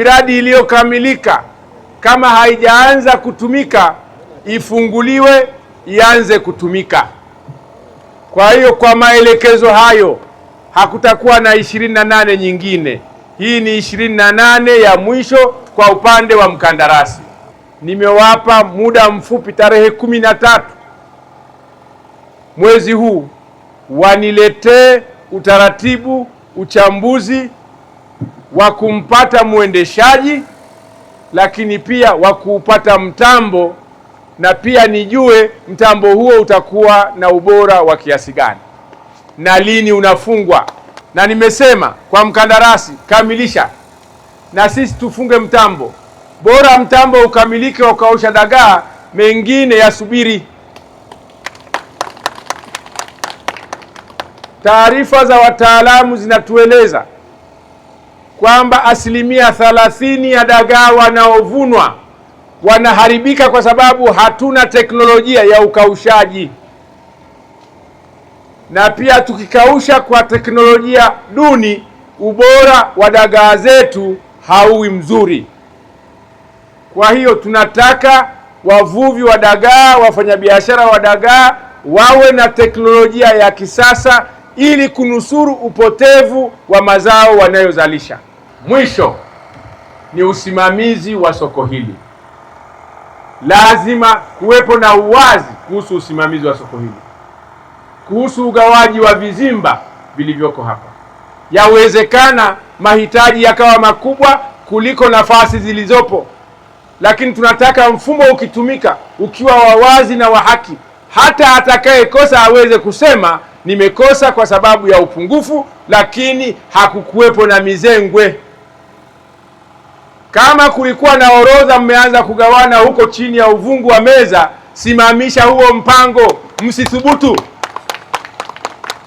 miradi iliyokamilika kama haijaanza kutumika ifunguliwe ianze kutumika. Kwa hiyo kwa maelekezo hayo hakutakuwa na ishirini na nane nyingine. Hii ni ishirini na nane ya mwisho kwa upande wa mkandarasi. Nimewapa muda mfupi, tarehe kumi na tatu mwezi huu waniletee utaratibu, uchambuzi wa kumpata mwendeshaji, lakini pia wa kuupata mtambo, na pia nijue mtambo huo utakuwa na ubora wa kiasi gani na lini unafungwa. Na nimesema kwa mkandarasi, kamilisha na sisi tufunge mtambo. Bora mtambo ukamilike ukaosha dagaa, mengine yasubiri. Taarifa za wataalamu zinatueleza kwamba asilimia thalathini ya dagaa wanaovunwa wanaharibika kwa sababu hatuna teknolojia ya ukaushaji, na pia tukikausha kwa teknolojia duni, ubora wa dagaa zetu hauwi mzuri. Kwa hiyo tunataka wavuvi wa dagaa, wafanyabiashara wa dagaa wawe na teknolojia ya kisasa ili kunusuru upotevu wa mazao wanayozalisha. Mwisho ni usimamizi wa soko hili. Lazima kuwepo na uwazi kuhusu usimamizi wa soko hili, kuhusu ugawaji wa vizimba vilivyoko hapa. Yawezekana mahitaji yakawa makubwa kuliko nafasi zilizopo, lakini tunataka mfumo ukitumika ukiwa wa wazi na wa haki, hata atakayekosa aweze kusema nimekosa kwa sababu ya upungufu, lakini hakukuwepo na mizengwe. Kama kulikuwa na orodha mmeanza kugawana huko chini ya uvungu wa meza, simamisha huo mpango, msithubutu.